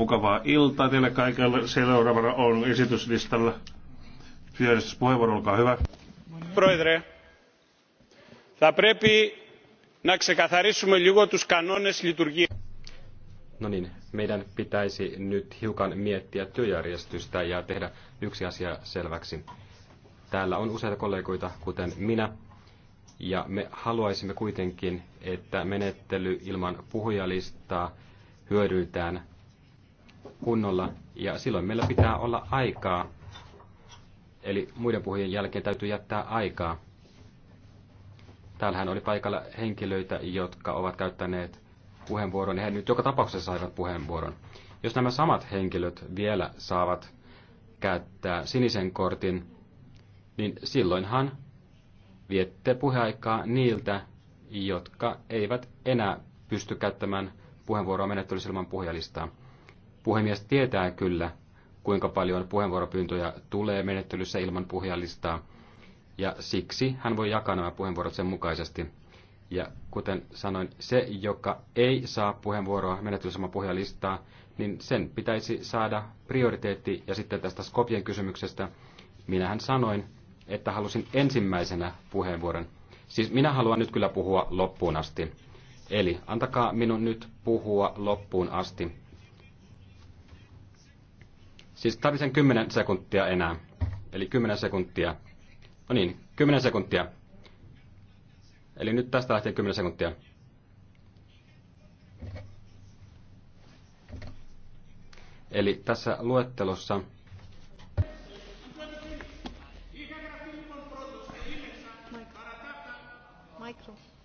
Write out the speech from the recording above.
Mukavaa iltaa teille kaikille. Seuraavana on esityslistalla. puheenvuoro, olkaa hyvä. Πρόεδρε, θα πρέπει να ξεκαθαρίσουμε λίγο τους κανόνες λειτουργίας. No niin, meidän pitäisi nyt hiukan miettiä työjärjestystä ja tehdä yksi asia selväksi. Täällä on useita kollegoita, kuten minä, ja me haluaisimme kuitenkin, että menettely ilman puhujalistaa hyödyntään kunnolla. Ja silloin meillä pitää olla aikaa. Eli muiden puhujien jälkeen täytyy jättää aikaa. Täällähän oli paikalla henkilöitä, jotka ovat käyttäneet puheenvuoron. He nyt joka tapauksessa saivat puheenvuoron. Jos nämä samat henkilöt vielä saavat käyttää sinisen kortin, niin silloinhan viette puheaikaa niiltä, jotka eivät enää pysty käyttämään puheenvuoroa menettelysilman puhujalistaa. Puhemies tietää kyllä, kuinka paljon puheenvuoropyyntöjä tulee menettelyssä ilman puhujalistaa, ja siksi hän voi jakaa nämä puheenvuorot sen mukaisesti. Ja kuten sanoin, se, joka ei saa puheenvuoroa menettelyssä puhujalistaa, niin sen pitäisi saada prioriteetti. Ja sitten tästä Skopien kysymyksestä, minähän sanoin, että halusin ensimmäisenä puheenvuoron. Siis minä haluan nyt kyllä puhua loppuun asti. Eli antakaa minun nyt puhua loppuun asti. Siis tarvitsen 10 sekuntia enää. Eli 10 sekuntia. No niin, 10 sekuntia. Eli nyt tästä lähtee 10 sekuntia. Eli tässä luettelossa Mikro.